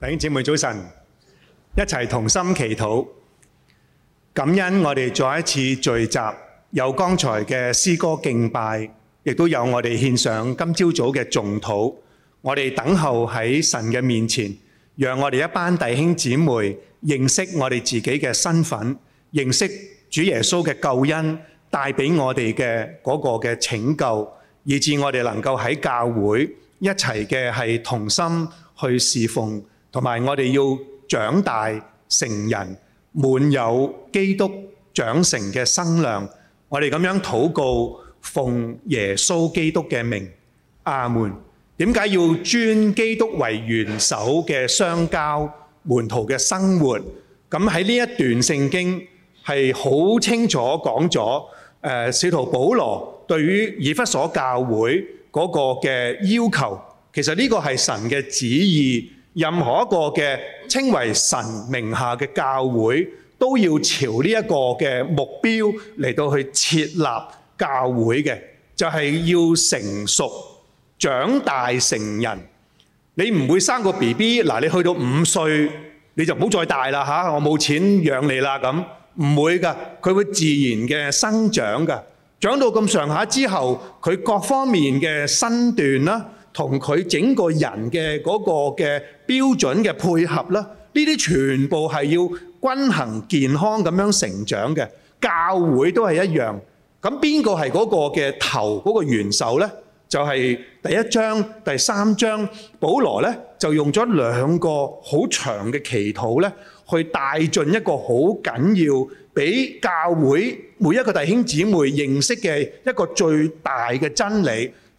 弟兄姊妹早晨，一齊同心祈禱，感恩我哋再一次聚集，有剛才嘅詩歌敬拜，亦都有我哋獻上今朝早嘅重討。我哋等候喺神嘅面前，讓我哋一班弟兄姊妹認識我哋自己嘅身份，認識主耶穌嘅救恩帶畀我哋嘅嗰個嘅拯救，以致我哋能夠喺教會一齊嘅係同心去侍奉。同埋，我哋要長大成人，滿有基督長成嘅身量。我哋咁樣禱告，奉耶穌基督嘅名，阿門。點解要尊基督為元首嘅相交門徒嘅生活？咁喺呢一段聖經係好清楚講咗。誒，使徒保羅對於以弗所教會嗰個嘅要求，其實呢個係神嘅旨意。任何一個嘅稱為神名下嘅教會，都要朝呢一個嘅目標嚟到去設立教會嘅，就係要成熟、長大成人。你唔會生個 BB，嗱，你去到五歲你就唔好再大啦嚇，我冇錢養你啦咁，唔會㗎，佢會自然嘅生長㗎，長到咁上下之後，佢各方面嘅身段啦。同佢整個人嘅嗰個嘅標準嘅配合啦，呢啲全部係要均衡健康咁樣成長嘅。教會都係一樣。咁邊個係嗰個嘅頭嗰個元首咧？就係第一章第三章，保羅咧就用咗兩個好長嘅祈禱咧，去帶進一個好緊要俾教會每一個弟兄姊妹認識嘅一個最大嘅真理。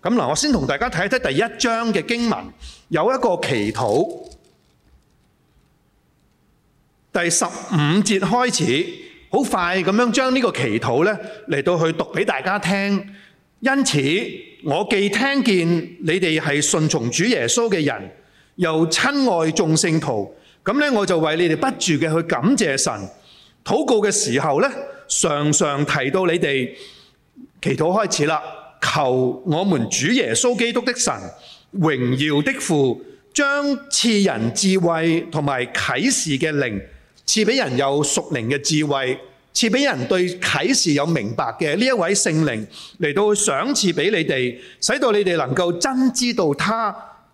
咁我先同大家睇睇第一章嘅經文，有一個祈禱，第十五節開始，好快咁樣將呢個祈禱呢嚟到去讀俾大家聽。因此，我既聽見你哋係信從主耶穌嘅人，又親愛眾聖徒，咁呢，我就為你哋不住嘅去感謝神。禱告嘅時候呢，常常提到你哋，祈禱開始啦。求我們主耶穌基督的神榮耀的父，將賜人智慧同埋啟示嘅靈，賜俾人有屬靈嘅智慧，賜俾人對啟示有明白嘅呢一位聖靈嚟到賞賜俾你哋，使到你哋能夠真知道他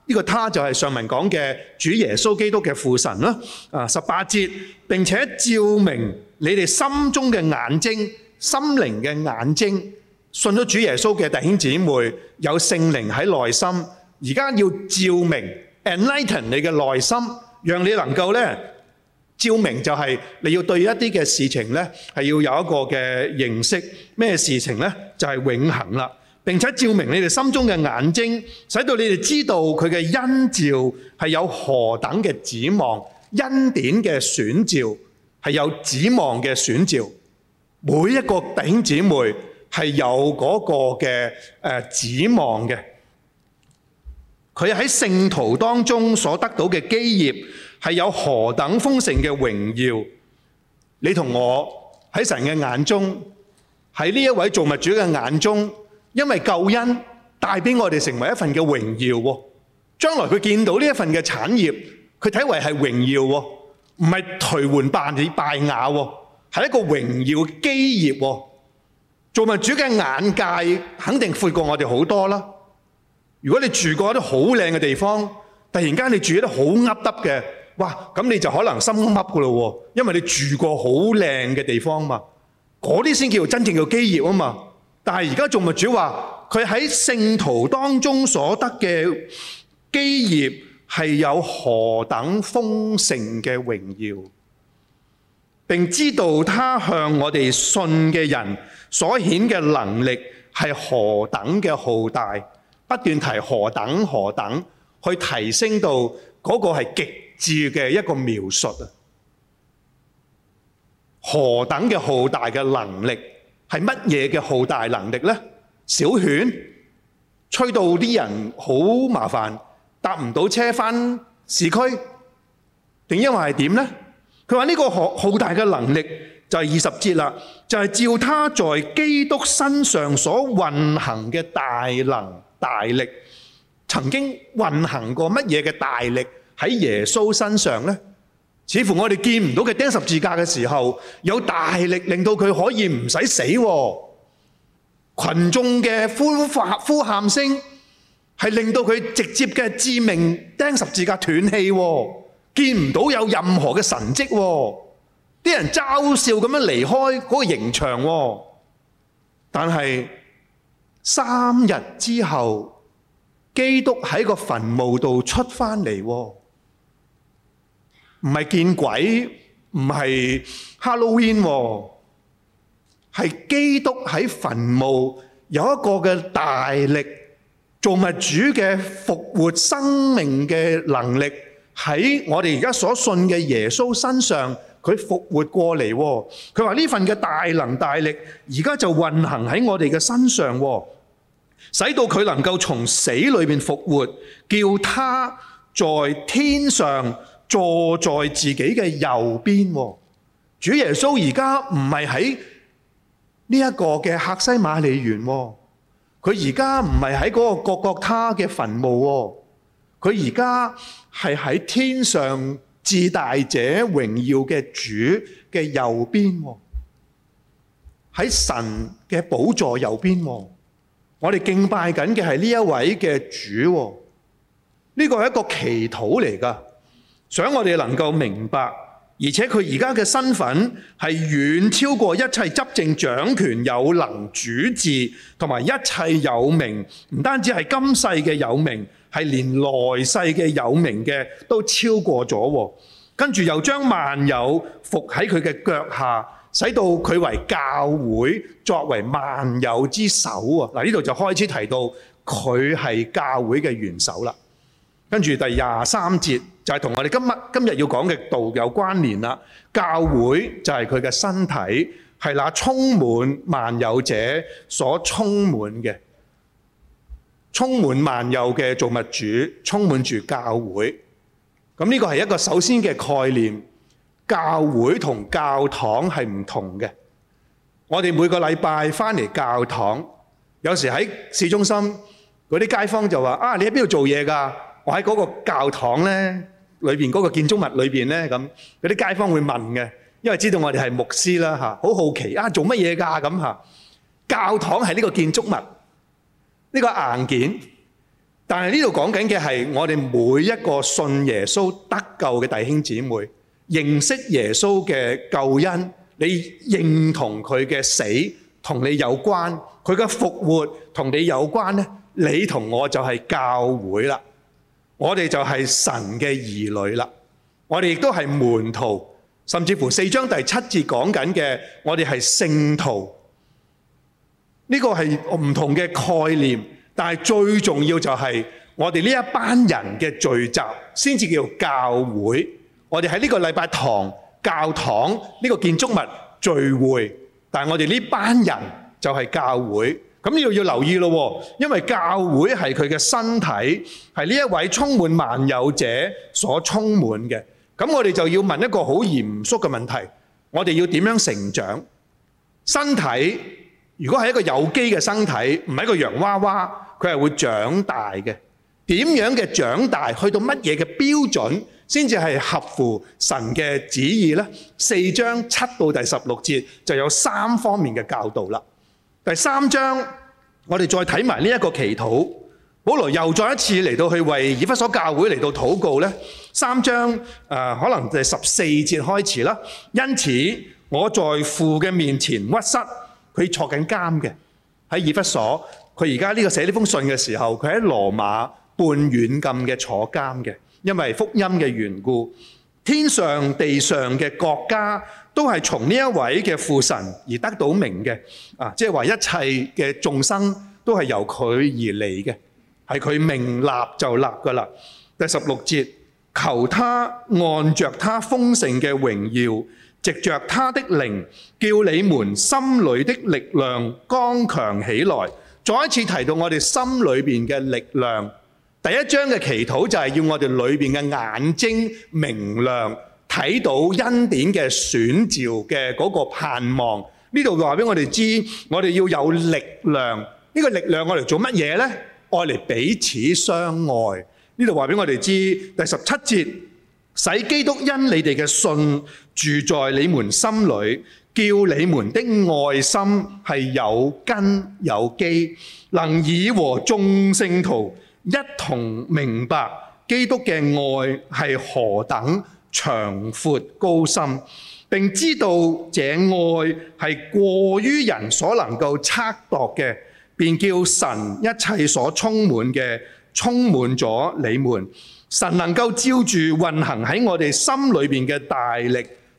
呢、這個他就係上文講嘅主耶穌基督嘅父神啦。啊，十八節，並且照明你哋心中嘅眼睛，心靈嘅眼睛。信咗主耶穌嘅弟兄姊妹，有聖靈喺內心，而家要照明，enlighten 你嘅內心，讓你能夠咧，照明，就係你要對一啲嘅事情咧，係要有一個嘅認識。咩事情咧？就係永恆啦，並且照明你哋心中嘅眼睛，使到你哋知道佢嘅恩召係有何等嘅指望，恩典嘅選召係有指望嘅選召。每一個弟兄姊妹。係有嗰個嘅誒指望嘅，佢喺聖徒當中所得到嘅基業係有何等豐盛嘅榮耀？你同我喺神嘅眼中，喺呢一位造物主嘅眼中，因為救恩帶俾我哋成為一份嘅榮耀。將來佢見到呢一份嘅產業，佢睇為係榮耀，唔係頹垣敗瓦，係一個榮耀基業。造物主嘅眼界肯定闊過我哋好多啦。如果你住過一啲好靚嘅地方，突然間你住一啲好凹凸嘅，哇！咁你就可能心凹凹噶咯喎，因為你住過好靚嘅地方嘛。嗰啲先叫真正嘅基業啊嘛。但係而家造物主話，佢喺聖徒當中所得嘅基業係有何等豐盛嘅榮耀，並知道他向我哋信嘅人。所顯嘅能力係何等嘅浩大，不斷提何等何等去提升到嗰個係極致嘅一個描述啊！何等嘅浩大嘅能力，係乜嘢嘅浩大能力咧？小犬吹到啲人好麻煩，搭唔到車翻市區，定因為係點咧？佢話呢個浩大嘅能力？第、就是、二十節啦，就係、是、照他在基督身上所運行嘅大能大力，曾經運行過乜嘢嘅大力喺耶穌身上呢？似乎我哋見唔到佢釘十字架嘅時候，有大力令到佢可以唔使死喎、啊。羣眾嘅呼呼喊聲係令到佢直接嘅致命釘十字架斷氣喎。見唔到有任何嘅神跡喎、啊。啲人嘲笑咁樣離開嗰個刑場，但係三日之後，基督喺個墳墓度出翻嚟，唔係見鬼，唔係 Halloween，係基督喺墳墓有一個嘅大力造物主嘅復活生命嘅能力喺我哋而家所信嘅耶穌身上。佢復活過嚟喎，佢話呢份嘅大能大力，而家就運行喺我哋嘅身上，使到佢能夠從死裏面復活，叫他在天上坐在自己嘅右邊。主耶穌而家唔係喺呢一個嘅客西馬尼園，佢而家唔係喺嗰個各各他嘅墳墓，佢而家係喺天上。至大者榮耀嘅主嘅右邊喎，喺神嘅寶座右邊，我哋敬拜緊嘅係呢一位嘅主，呢、這個係一個祈禱嚟㗎，想我哋能夠明白，而且佢而家嘅身份係遠超過一切執政掌權有能主治同埋一切有名，唔單止係今世嘅有名。係連來世嘅有名嘅都超過咗，跟住又將萬有伏喺佢嘅腳下，使到佢為教會作為萬有之首啊！嗱，呢度就開始提到佢係教會嘅元首啦。跟住第廿三節就係同我哋今日今日要講嘅道有關聯啦。教會就係佢嘅身體，係那充滿萬有者所充滿嘅。充滿萬有嘅造物主，充滿住教會。咁呢個係一個首先嘅概念。教會同教堂係唔同嘅。我哋每個禮拜翻嚟教堂，有時喺市中心嗰啲街坊就話：啊，你喺邊度做嘢㗎？我喺嗰個教堂咧，裏邊嗰個建築物裏邊咧，咁嗰啲街坊會問嘅，因為知道我哋係牧師啦嚇，好好奇啊，做乜嘢㗎咁嚇？教堂係呢個建築物，呢個硬件，但係呢度講緊嘅係我哋每一個信耶穌得救嘅弟兄姊妹，認識耶穌嘅救恩，你認同佢嘅死同你有關，佢嘅復活同你有關呢，你同我就係教會啦，我哋就係神嘅兒女啦，我哋亦都係門徒，甚至乎四章第七節講緊嘅，我哋係聖徒。呢、這個係唔同嘅概念，但係最重要就係我哋呢一班人嘅聚集先至叫教會。我哋喺呢個禮拜堂、教堂呢、這個建築物聚會，但係我哋呢班人就係教會。咁要要留意咯，因為教會係佢嘅身體，係呢一位充滿萬有者所充滿嘅。咁我哋就要問一個好嚴肅嘅問題：我哋要點樣成長？身體。如果係一個有機嘅身體，唔係一個洋娃娃，佢係會長大嘅。點樣嘅長大，去到乜嘢嘅標準，先至係合乎神嘅旨意呢？四章七到第十六節就有三方面嘅教導啦。第三章我哋再睇埋呢一個祈禱，保羅又再一次嚟到去為以弗所教會嚟到禱告呢。三章誒、呃，可能第十四節開始啦。因此我在父嘅面前屈膝。佢坐緊監嘅，喺以弗所。佢而家呢個寫呢封信嘅時候，佢喺羅馬半軟禁嘅坐監嘅，因為福音嘅緣故。天上地上嘅國家都係從呢一位嘅父神而得到名嘅。啊，即係話一切嘅眾生都係由佢而嚟嘅，係佢命立就立㗎喇。第十六節，求他按着他豐盛嘅榮耀。藉著他的靈，叫你們心裏的力量剛強起來。再一次提到我哋心裏邊嘅力量。第一章嘅祈禱就係要我哋裏邊嘅眼睛明亮，睇到恩典嘅選召嘅嗰個盼望。呢度話俾我哋知，我哋要有力量。呢個力量我嚟做乜嘢呢？愛嚟彼此相愛。呢度話俾我哋知，第十七節，使基督因你哋嘅信。住在你們心裏，叫你們的愛心係有根有基，能以和眾聖徒,一同明白基督嘅愛係何等，長闊、高深，並知道這愛係過於人所能夠測度嘅，便叫神一切所充滿嘅，充滿咗你們。神能夠照住運行喺我哋心裏面嘅大力，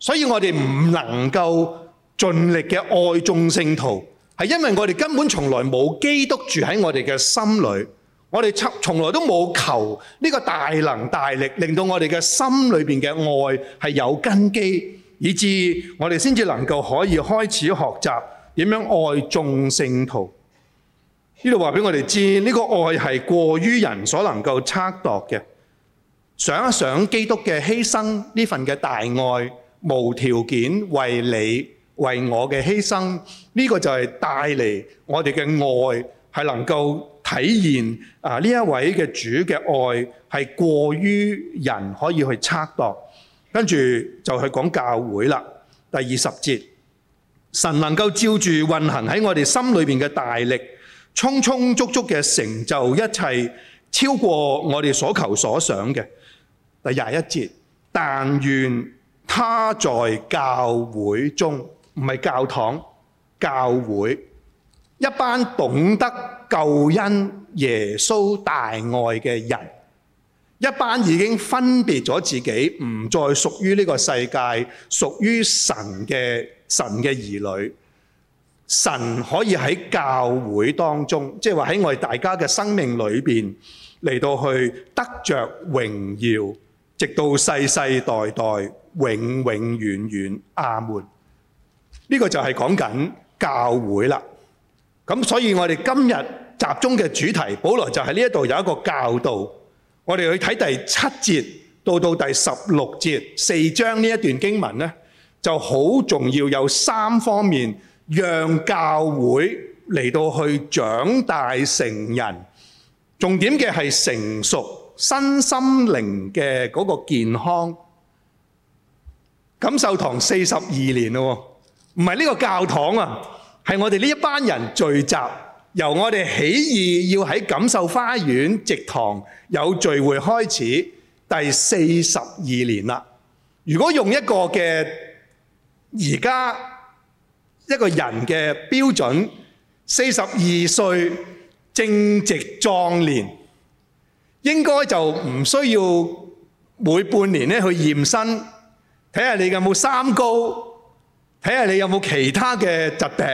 所以我哋唔能夠盡力嘅愛眾聖徒，係因為我哋根本從來冇基督住喺我哋嘅心裡，我哋從從來都冇求呢個大能大力，令到我哋嘅心裏面嘅愛係有根基，以致我哋先至能夠可以開始學習點樣愛眾聖徒。呢度話畀我哋知，呢個愛係過於人所能夠測度嘅。想一想基督嘅犧牲，呢份嘅大愛。無條件為你為我嘅犧牲，呢、這個就係帶嚟我哋嘅愛，係能夠體現啊呢一位嘅主嘅愛係過於人可以去測度。跟住就去講教會啦，第二十節，神能夠照住運行喺我哋心裏邊嘅大力，充充足足嘅成就一切，超過我哋所求所想嘅。第廿一節，但願。他在教會中，唔係教堂，教會一班懂得救恩、耶穌大愛嘅人，一班已經分別咗自己，唔再屬於呢個世界，屬於神嘅神嘅兒女。神可以喺教會當中，即係話喺我哋大家嘅生命裏面嚟到去得著榮耀，直到世世代代。永永遠遠，阿門。呢個就係講緊教會啦。咁所以我哋今日集中嘅主題，保羅就喺呢一度有一個教導。我哋去睇第七節到到第十六節四章呢一段經文呢，就好重要。有三方面讓教會嚟到去長大成人，重點嘅係成熟身心靈嘅嗰個健康。錦繡堂四十二年咯，唔係呢個教堂啊，係我哋呢一班人聚集，由我哋起意要喺錦繡花園植堂有聚會開始，第四十二年啦。如果用一個嘅而家一個人嘅標準，四十二歲正值壯年，應該就唔需要每半年呢去驗身。睇下你有冇三高，睇下你有冇其他嘅疾病。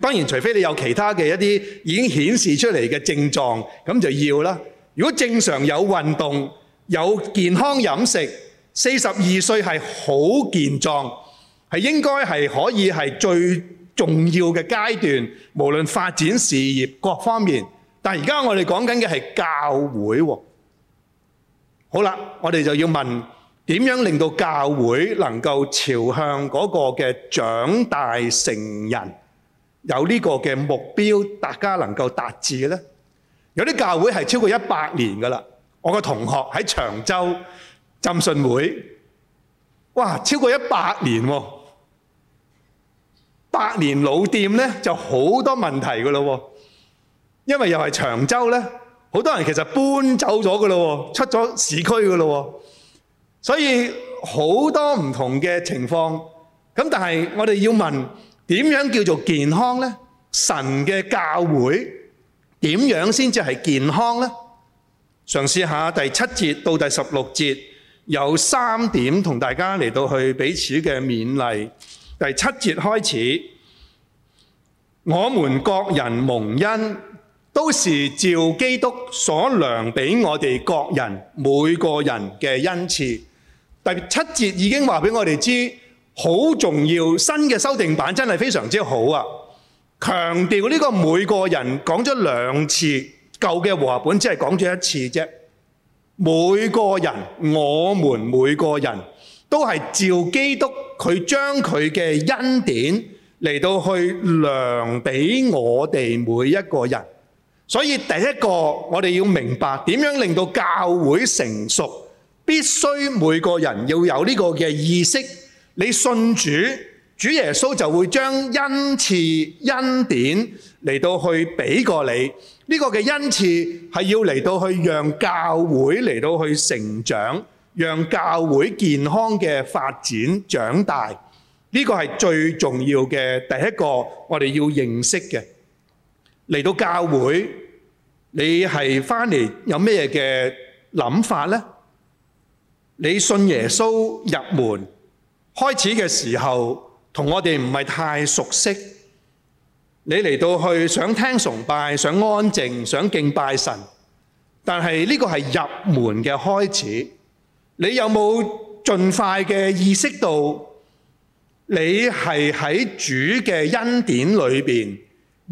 當然，除非你有其他嘅一啲已經顯示出嚟嘅症狀，咁就要啦。如果正常有運動、有健康飲食，四十二歲係好健壯，係應該係可以係最重要嘅階段，無論發展事業各方面。但而家我哋講緊嘅係教會。好啦，我哋就要問。點樣令到教會能夠朝向嗰個嘅長大成人有呢個嘅目標，大家能夠達至嘅咧？有啲教會係超過一百年噶啦。我個同學喺長洲浸信會，哇，超過一百年喎！百年老店咧，就好多問題噶咯，因為又係長洲咧，好多人其實搬走咗噶咯，出咗市區噶咯。所以好多唔同嘅情況，咁但係我哋要問點樣叫做健康呢？神嘅教會點樣先至係健康呢？嘗試下第七節到第十六節有三點同大家嚟到去彼此嘅勉勵。第七節開始，我們各人蒙恩，都是照基督所量俾我哋各人每個人嘅恩賜。第七節已經話俾我哋知好重要，新嘅修訂版真係非常之好啊！強調呢個每個人講咗兩次，舊嘅和合本只係講咗一次啫。每個人，我們每個人都係照基督佢將佢嘅恩典嚟到去量俾我哋每一個人。所以第一個我哋要明白點樣令到教會成熟。必須每個人要有呢個嘅意識，你信主，主耶穌就會將恩賜、恩典嚟到去俾過你。呢個嘅恩賜係要嚟到去讓教會嚟到去成長，讓教會健康嘅發展長大。呢個係最重要嘅第一個，我哋要認識嘅。嚟到教會，你係翻嚟有咩嘅諗法呢？你信耶穌入門，開始嘅時候同我哋唔係太熟悉。你嚟到去想聽崇拜，想安靜，想敬拜神，但係呢個係入門嘅開始。你有冇盡快嘅意識到你係喺主嘅恩典裏邊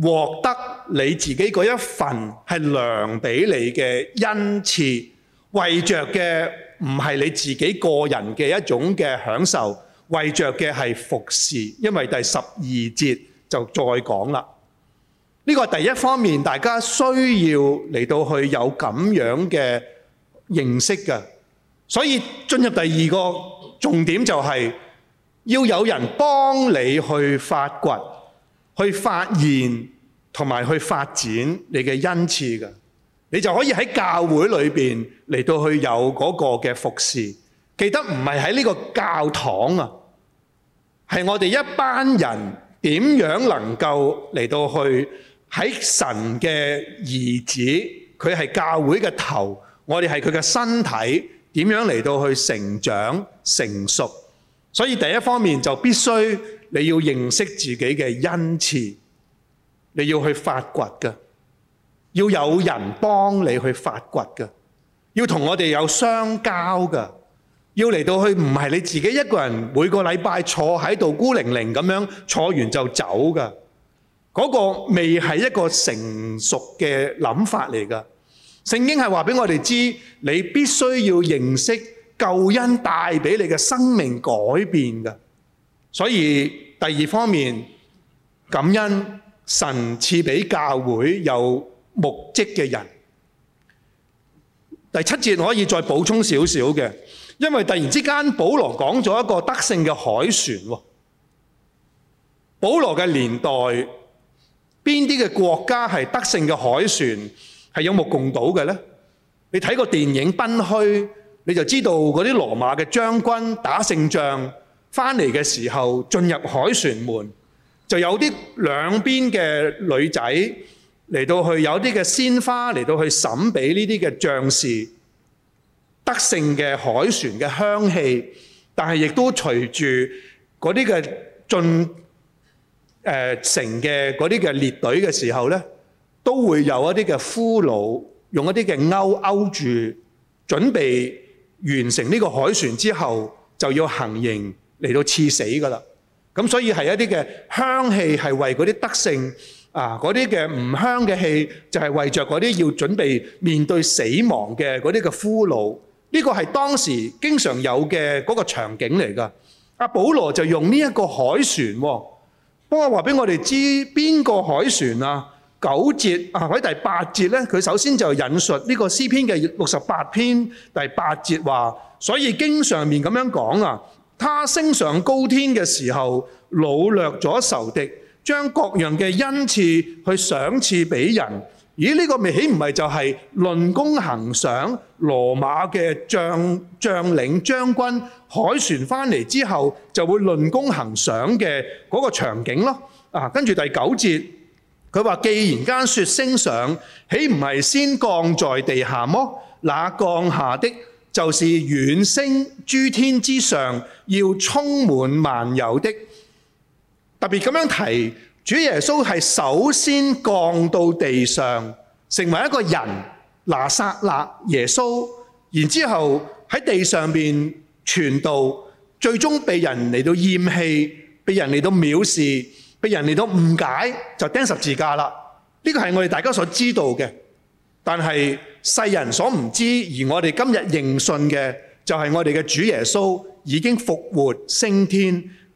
獲得你自己嗰一份係量俾你嘅恩賜，為着嘅？唔係你自己個人嘅一種嘅享受，為着嘅係服侍。因為第十二節就再講啦。呢、這個第一方面，大家需要嚟到去有咁樣嘅認識嘅。所以進入第二個重點就係、是、要有人幫你去發掘、去發現同埋去發展你嘅恩賜嘅。你就可以喺教會裏面嚟到去有嗰個嘅服侍，記得唔係喺呢個教堂啊，係我哋一班人點樣能夠嚟到去喺神嘅兒子，佢係教會嘅頭，我哋係佢嘅身體，點樣嚟到去成長成熟？所以第一方面就必須你要認識自己嘅恩賜，你要去發掘㗎。要有人幫你去發掘嘅，要同我哋有相交嘅，要嚟到去唔係你自己一個人，每個禮拜坐喺度孤零零咁樣坐完就走嘅，嗰個未係一個成熟嘅諗法嚟嘅。聖經係話俾我哋知，你必須要認識救恩帶俾你嘅生命改變嘅。所以第二方面，感恩神賜俾教會又，目擊嘅人，第七節可以再補充少少嘅，因為突然之間，保羅講咗一個得勝嘅海船。保羅嘅年代，邊啲嘅國家係得勝嘅海船係有目共睹嘅呢？你睇過電影《賓虛》，你就知道嗰啲羅馬嘅將軍打勝仗翻嚟嘅時候，進入海船門就有啲兩邊嘅女仔。嚟到去有啲嘅鮮花嚟到去審俾呢啲嘅將士得勝嘅海船嘅香氣，但係亦都隨住嗰啲嘅進誒城嘅嗰啲嘅列隊嘅時候呢，都會有一啲嘅俘虜用一啲嘅勾勾住，準備完成呢個海船之後就要行刑嚟到刺死噶啦。咁所以係一啲嘅香氣係為嗰啲得勝。啊！嗰啲嘅唔香嘅氣就係、是、為着嗰啲要準備面對死亡嘅嗰啲嘅俘虜，呢、這個係當時經常有嘅嗰個場景嚟噶。阿、啊、保羅就用呢一個海船，不過話俾我哋知邊個海船啊？九節啊，喺第八節呢，佢首先就引述呢個詩篇嘅六十八篇第八節話，所以經上面咁樣講啊，他升上高天嘅時候，擄掠咗仇敵。將各樣嘅恩賜去賞賜俾人，咦？呢個咪豈唔係就係論功行賞？羅馬嘅將將領將軍凱旋翻嚟之後就會論功行賞嘅嗰個場景咯。啊，跟住第九節，佢話：既然間説升上，豈唔係先降在地下麼？那降下的就是遠升，諸天之上要充滿萬有的。特別咁樣提，主耶穌係首先降到地上，成為一個人，拿撒勒耶穌，然之後喺地上面傳道，最終被人嚟到厭棄，被人嚟到藐視，被人嚟到誤解，就釘十字架啦。呢、這個係我哋大家所知道嘅，但係世人所唔知，而我哋今日認信嘅，就係、是、我哋嘅主耶穌已經復活升天。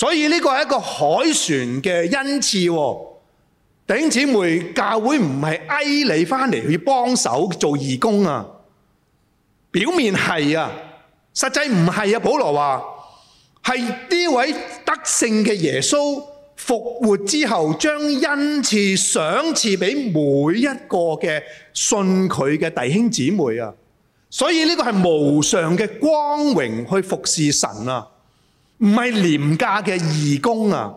所以呢個係一個海船嘅恩賜，弟兄姐妹教會唔係嗌你翻嚟去幫手做義工啊，表面係啊，實際唔係啊。保羅話係呢位得勝嘅耶穌復活之後，將恩賜賞賜俾每一個嘅信佢嘅弟兄姊妹啊。所以呢個係無上嘅光榮去服侍神啊。唔係廉價嘅義工啊！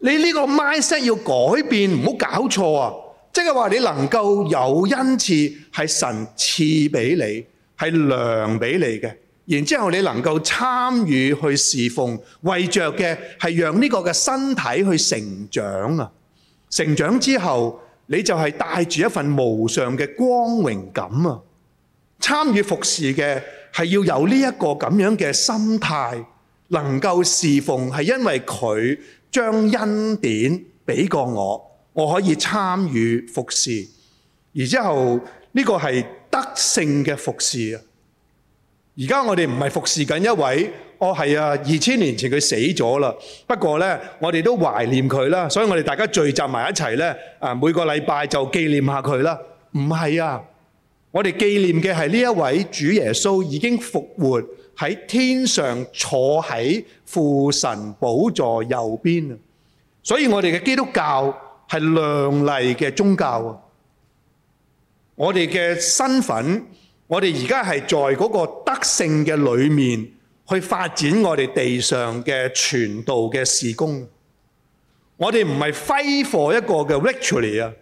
你呢個 mindset 要改變，唔好搞錯啊！即係話你能夠有恩賜，係神賜俾你，係良俾你嘅。然之後你能夠參與去侍奉，為着嘅係讓呢個嘅身體去成長啊！成長之後，你就係帶住一份無常嘅光榮感啊！參與服侍嘅係要有呢一個咁樣嘅心態。能夠侍奉係因為佢將恩典俾過我，我可以參與服侍。然之後呢、呢個係德性嘅服侍。啊！而家我哋唔係服侍緊一位，我、哦、係啊，二千年前佢死咗啦。不過呢，我哋都懷念佢啦，所以我哋大家聚集埋一齊呢，啊每個禮拜就紀念下佢啦。唔係啊，我哋紀念嘅係呢一位主耶穌已經復活，喺天上坐喺父神寶座右邊啊！所以我哋嘅基督教係亮麗嘅宗教啊！我哋嘅身份，我哋而家係在嗰個德性嘅裏面去發展我哋地上嘅傳道嘅事工。我哋唔係揮霍一個嘅 victory 啊，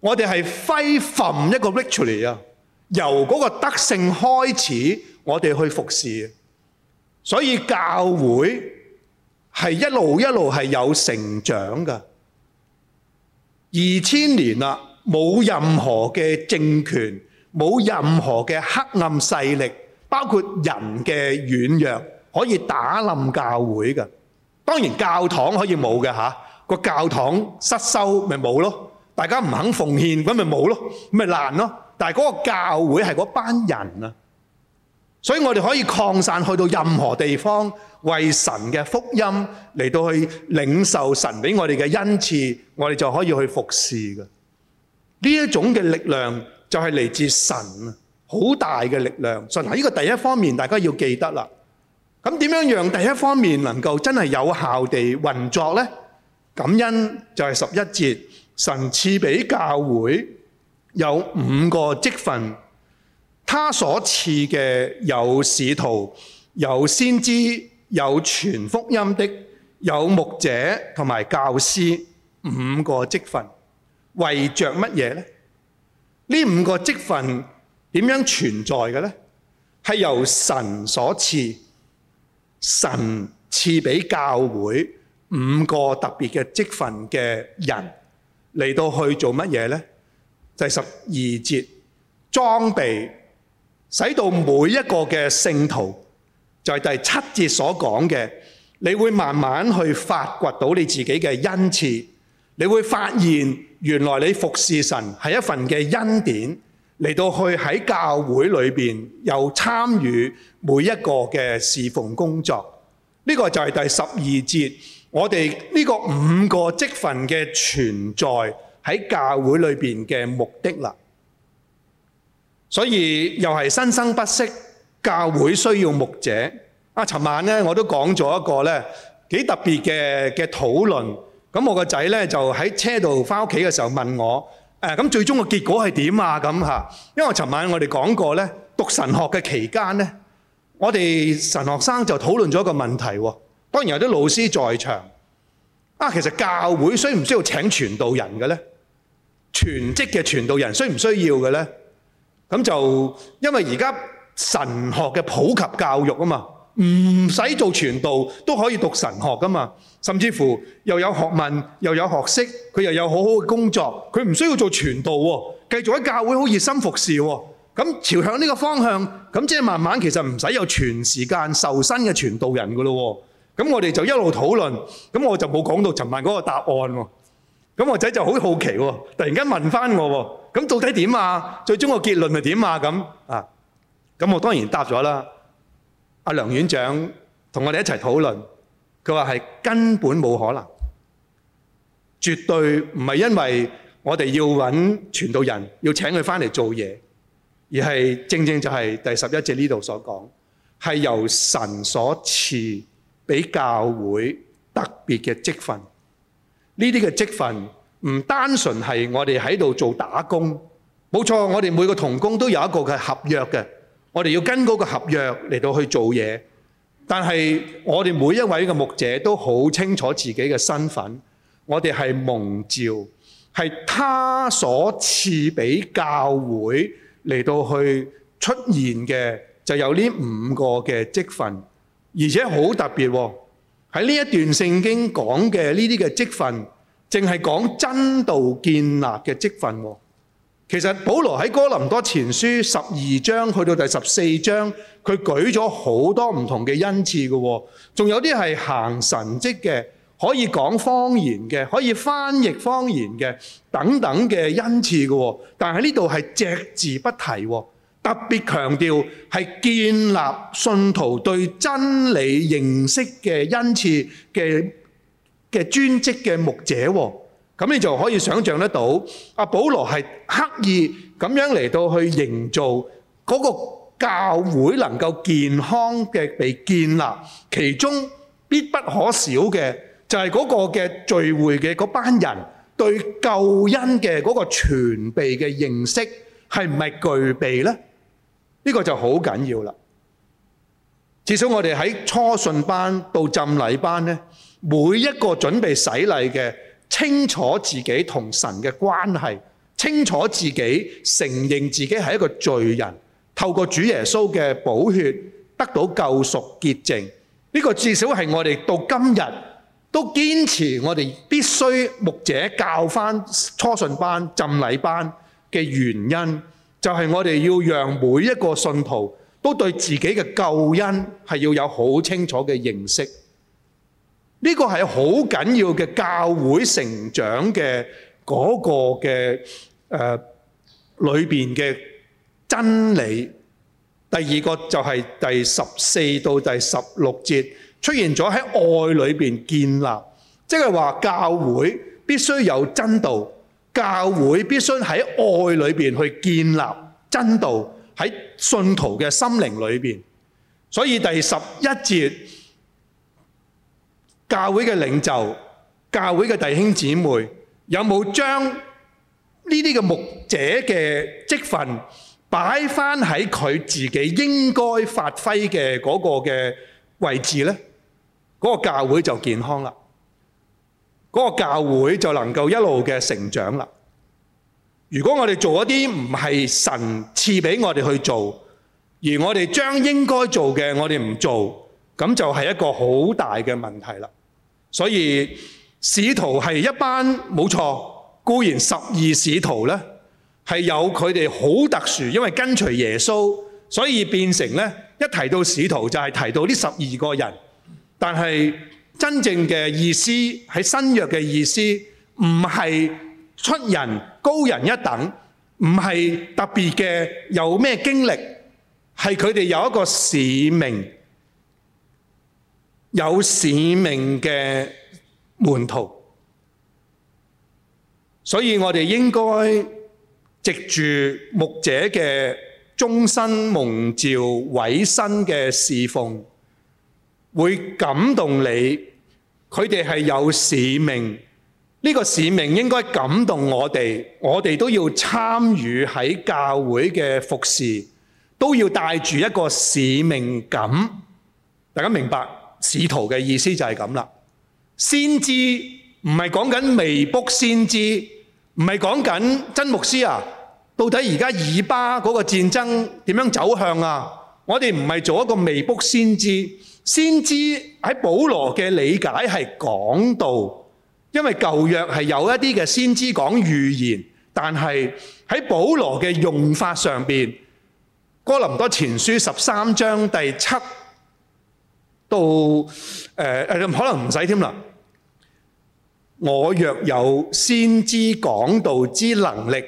我哋係揮霍一個 victory 啊，由嗰個德性開始。我哋去服侍，所以教會係一路一路係有成長噶。二千年啦，冇任何嘅政權，冇任何嘅黑暗勢力，包括人嘅軟弱，可以打冧教會噶。當然教堂可以冇嘅吓，個教堂失修咪冇咯，大家唔肯奉獻咁咪冇咯，咁咪難咯。但係嗰個教會係嗰班人啊。所以，我們可以擦扇去到任何地方，為神的福音，來到去領受神給我們的恩賜，我們就可以去服侍。這種的力量，就是來自神，很大的力量。順利，這個第一方面大家要記得了。那，為什麼讓第一方面能夠真的有效地，運作呢？感恩，就是十一節，神賜給教會，有五個聖魂，他所賜嘅有使徒、有先知、有傳福音的、有牧者同埋教師五個職份，為着乜嘢呢？呢五個職份點樣存在嘅呢？係由神所賜，神賜俾教會五個特別嘅職份嘅人嚟到去做乜嘢呢？就係十二節裝備。使到每一個嘅聖徒，就係、是、第七節所講嘅，你會慢慢去發掘到你自己嘅恩賜，你會發現原來你服侍神係一份嘅恩典，嚟到去喺教會裏面又參與每一個嘅侍奉工作，呢、這個就係第十二節我哋呢個五個職份嘅存在喺教會裏面嘅目的啦。所以又係生生不息，教會需要牧者。啊，尋晚呢我都講咗一個呢幾特別嘅嘅討論。咁我個仔呢，就喺車度返屋企嘅時候問我，咁、啊、最終個結果係點啊？咁因為尋晚我哋講過呢，讀神學嘅期間呢，我哋神學生就討論咗一個問題。哦、當然有啲老師在場。啊，其實教會需唔需要請傳道人嘅呢？全職嘅傳道人需唔需要嘅呢？咁就因為而家神學嘅普及教育啊嘛，唔使做傳道都可以讀神學噶嘛，甚至乎又有學問又有學識，佢又有好好嘅工作，佢唔需要做傳道喎、哦，繼續喺教會好熱心服侍喎、哦。咁朝向呢個方向，咁即係慢慢其實唔使有全時間受薪嘅傳道人噶咯、哦。咁我哋就一路討論，咁我就冇講到尋晚嗰個答案喎、哦。咁我仔就好好奇喎、哦，突然間問返我喎。咁到底點啊？最終個結論係點啊？咁啊，咁我當然答咗啦。阿梁院長同我哋一齊討論，佢話係根本冇可能，絕對唔係因為我哋要搵傳道人，要請佢返嚟做嘢，而係正正就係第十一節呢度所講，係由神所賜俾教會特別嘅職分。呢啲嘅職分。唔單純係我哋喺度做打工，冇錯。我哋每個同工都有一個嘅合約嘅，我哋要跟嗰個合約嚟到去做嘢。但係我哋每一位嘅牧者都好清楚自己嘅身份，我哋係蒙召，係他所賜俾教會嚟到去出現嘅，就有呢五個嘅職分，而且好特別喎。喺呢一段聖經講嘅呢啲嘅職分。淨係講真道建立嘅職分喎，其實保羅喺哥林多前書十二章去到第十四章，佢舉咗好多唔同嘅恩賜嘅喎，仲有啲係行神跡嘅，可以講方言嘅，可以翻譯方言嘅等等嘅恩賜嘅喎，但係呢度係隻字不提喎，特別強調係建立信徒對真理認識嘅恩賜嘅。嘅專職嘅牧者喎，咁你就可以想象得到，阿保羅係刻意咁樣嚟到去營造嗰個教會能夠健康嘅被建立，其中必不可少嘅就係嗰個嘅聚會嘅嗰班人對救恩嘅嗰個全備嘅認識係唔係具備呢？呢個就好緊要啦。至少我哋喺初信班到浸禮班呢。每一個準備洗禮嘅，清楚自己同神嘅關係，清楚自己承認自己係一個罪人，透過主耶穌嘅寶血得到救贖潔淨。呢個至少係我哋到今日都堅持，我哋必須牧者教返初信班、浸禮班嘅原因，就係我哋要讓每一個信徒都對自己嘅救恩係要有好清楚嘅認識。呢個係好緊要嘅教會成長嘅嗰個嘅誒裏面嘅真理。第二個就係第十四到第十六節出現咗喺愛裏面建立，即係話教會必須有真道，教會必須喺愛裏面去建立真道，喺信徒嘅心靈裏面。所以第十一節。教會嘅領袖、教會嘅弟兄姊妹，有冇將呢啲嘅牧者嘅職份擺翻喺佢自己應該發揮嘅嗰個嘅位置呢？嗰個教會就健康啦，嗰個教會就能夠一路嘅成長啦。如果我哋做一啲唔係神賜俾我哋去做，而我哋將應該做嘅我哋唔做，咁就係一個好大嘅問題啦。所以使徒係一班冇錯，固然十二使徒呢係有佢哋好特殊，因為跟隨耶穌，所以變成呢，一提到使徒就係提到呢十二個人。但係真正嘅意思喺新約嘅意思，唔係出人高人一等，唔係特別嘅有咩經歷，係佢哋有一個使命。有使命嘅門徒，所以我哋應該藉住牧者嘅終身蒙召委身嘅侍奉，會感動你。佢哋係有使命，呢個使命應該感動我哋。我哋都要參與喺教會嘅服侍，都要帶住一個使命感。大家明白。使徒嘅意思就係咁啦，先知唔係講緊未卜先知，唔係講緊真牧師啊，到底而家以巴嗰個戰爭點樣走向啊？我哋唔係做一個未卜先知，先知喺保羅嘅理解係講道，因為舊約係有一啲嘅先知講預言，但係喺保羅嘅用法上面，《哥林多前書》十三章第七。到誒誒可能唔使添啦。我若有先知講道之能力，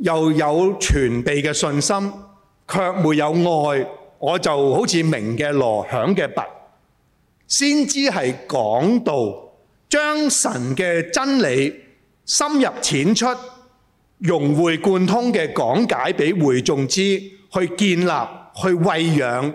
又有全備嘅信心，卻沒有愛，我就好似鳴嘅鑼、響嘅鈸。先知係講道，將神嘅真理深入淺出、融會貫通嘅講解俾會眾知，去建立、去餵養。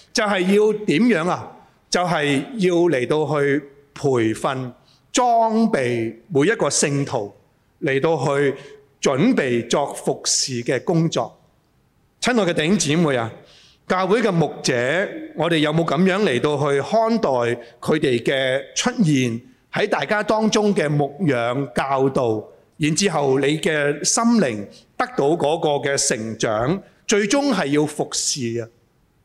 就係要點樣啊？就係要嚟到去培訓裝備每一個聖徒嚟到去準備作服侍嘅工作。親愛嘅弟兄姊妹啊，教會嘅牧者，我哋有冇咁樣嚟到去看待佢哋嘅出現喺大家當中嘅牧養教導，然之後你嘅心靈得到嗰個嘅成長，最終係要服侍啊！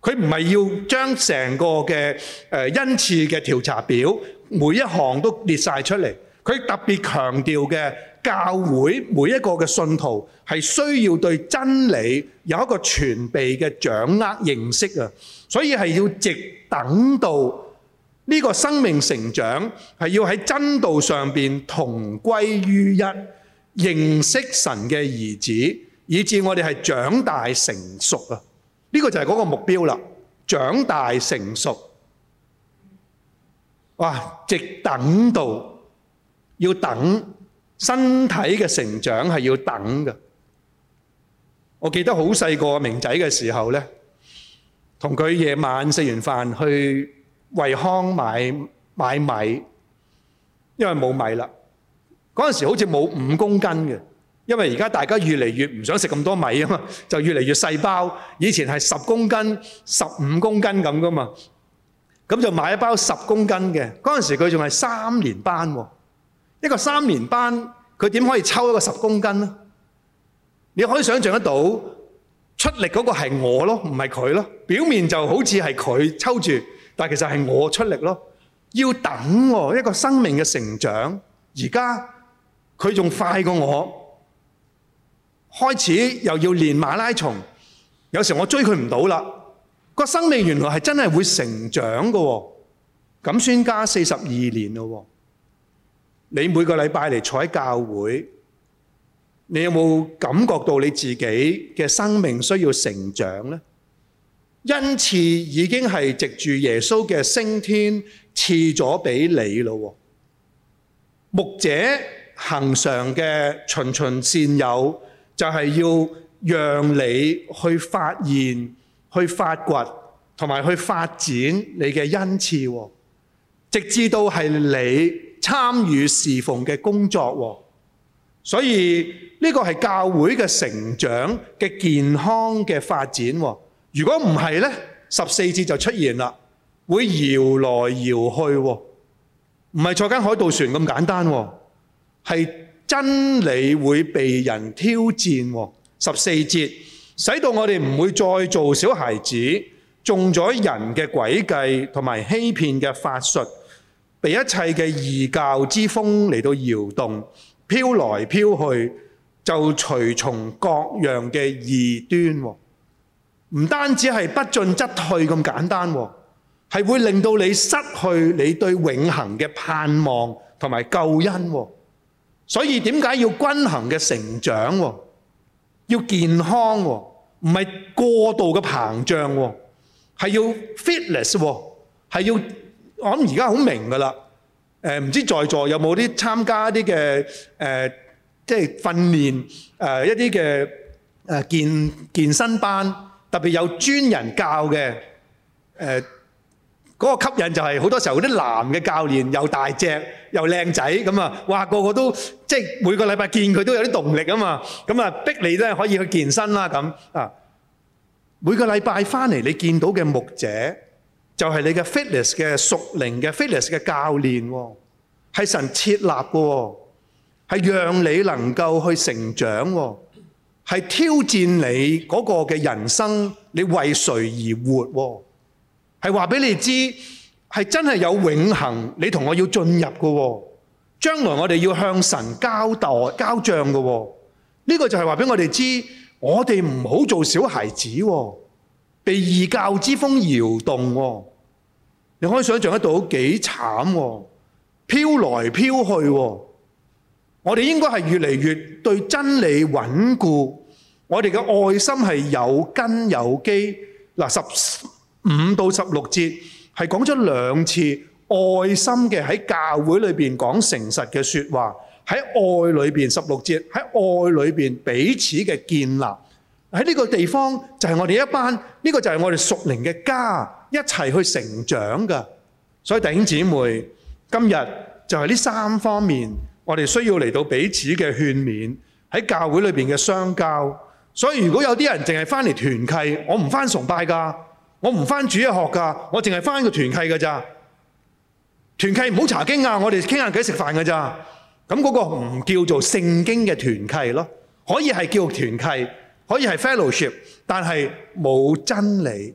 佢唔係要將成個嘅誒恩賜嘅調查表每一項都列曬出嚟。佢特別強調嘅教會每一個嘅信徒係需要對真理有一個全備嘅掌握認識啊。所以係要直等到呢個生命成長係要喺真道上邊同歸於一，認識神嘅兒子，以至我哋係長大成熟啊。呢個就係嗰個目標啦，長大成熟。哇！直等到要等身體嘅成長係要等嘅。我記得好細個明仔嘅時候呢，同佢夜晚食完飯去惠康買買米，因為冇米啦。嗰陣時好似冇五公斤嘅。因為而家大家越嚟越唔想食咁多米啊嘛，就越嚟越細包。以前係十公斤、十五公斤咁噶嘛，咁就買一包十公斤嘅。嗰陣時佢仲係三年班，一個三年班佢點可以抽一個十公斤咧？你可以想象得到出力嗰個係我咯，唔係佢咯。表面就好似係佢抽住，但係其實係我出力咯。要等一個生命嘅成長，而家佢仲快過我。開始又要練馬拉松，有時我追佢唔到啦。個生命原來係真係會成長嘅，咁宣家四十二年咯。你每個禮拜嚟坐喺教會，你有冇感覺到你自己嘅生命需要成長咧？恩賜已經係藉住耶穌嘅升天賜咗俾你咯。牧者恆常嘅循循善誘。就係、是、要讓你去發現、去發掘同埋去發展你嘅恩賜，直至到係你參與侍奉嘅工作。所以呢個係教會嘅成長嘅健康嘅發展。如果唔係呢，十四節就出現啦，會搖來搖去，唔係坐緊海盜船咁簡單，係。真理會被人挑戰，十四節，使到我哋唔會再做小孩子，中咗人嘅詭計同埋欺騙嘅法術，被一切嘅異教之風嚟到搖動，飄來飄去，就隨從各樣嘅異端。唔單止係不進則退咁簡單，係會令到你失去你對永恆嘅盼望同埋救恩。所以點解要均衡嘅成長喎？要健康喎，唔係過度嘅膨脹喎，係要 fitness 喎，係要我諗而家好明㗎喇。誒唔知在座有冇啲參加一啲嘅誒，即係訓練誒一啲嘅誒健健身班，特別有專人教嘅誒。嗰個吸引就係好多時候嗰啲男嘅教練又大隻又靚仔咁啊，話個個都即係每個禮拜見佢都有啲動力啊嘛，咁啊逼你都可以去健身啦咁啊。每個禮拜翻嚟你見到嘅牧者就係你嘅 fitness 嘅屬靈嘅 fitness 嘅教練喎，係神設立嘅喎，係讓你能夠去成長喎，係挑戰你嗰個嘅人生，你為誰而活喎？係話俾你知，係真係有永恒，你同我要進入嘅。將來我哋要向神交待、交賬嘅。呢個就係話俾我哋知，我哋唔好做小孩子，被異教之風搖動。你可以想象得到幾慘，飄來飄去。我哋應該係越嚟越對真理穩固，我哋嘅愛心係有根有基。嗱、啊、十。五到十六節係講咗兩次愛心嘅，喺教會裏面講誠實嘅說話，喺愛裏面。十六節喺愛裏面彼此嘅建立，喺呢個地方就係我哋一班，呢個就係我哋屬靈嘅家一齊去成長噶。所以弟兄姊妹，今日就係呢三方面，我哋需要嚟到彼此嘅勸勉，喺教會裏面嘅相交。所以如果有啲人淨係翻嚟團契，我唔翻崇拜噶。我唔返主日學㗎，我淨係返個團契㗎咋？團契唔好查經啊，我哋傾下偈食飯㗎咋？咁嗰個唔叫做聖經嘅團契咯，可以係叫團契，可以係 fellowship，但係冇真理，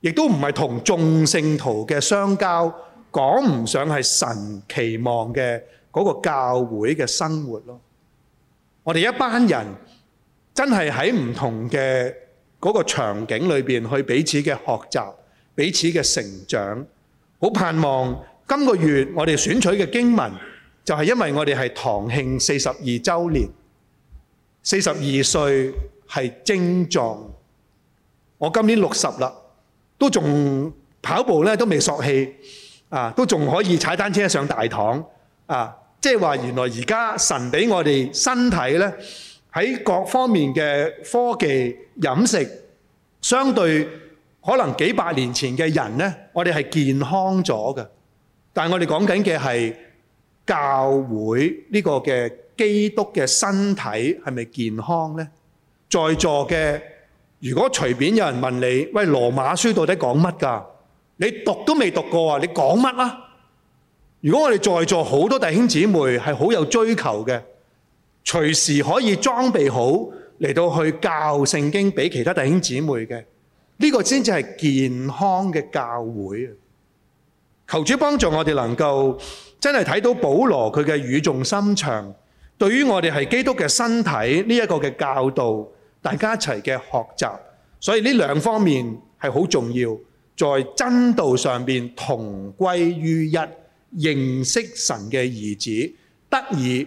亦都唔係同眾聖徒嘅相交，講唔上係神期望嘅嗰個教會嘅生活咯。我哋一班人真係喺唔同嘅。嗰、那個場景裏面去彼此嘅學習，彼此嘅成長，好盼望今個月我哋選取嘅經文，就係因為我哋係堂慶四十二週年，四十二歲係精壯，我今年六十啦，都仲跑步呢，都未索氣，啊，都仲可以踩單車上大堂，啊，即係話原來而家神俾我哋身體呢。喺各方面嘅科技、飲食，相對可能幾百年前嘅人咧，我哋係健康咗嘅。但係我哋講緊嘅係教會呢個嘅基督嘅身體係咪健康咧？在座嘅，如果隨便有人問你，喂，羅馬書到底講乜㗎？你讀都未讀過啊，你講乜啊？如果我哋在座好多弟兄姊妹係好有追求嘅。隨時可以裝備好嚟，到去教聖經俾其他弟兄姊妹嘅，呢個先至係健康嘅教會啊！求主幫助我哋能夠真係睇到保羅佢嘅語重心長，對於我哋係基督嘅身體呢一個嘅教導，大家一齊嘅學習，所以呢兩方面係好重要，在真道上邊同歸於一，認識神嘅兒子，得以。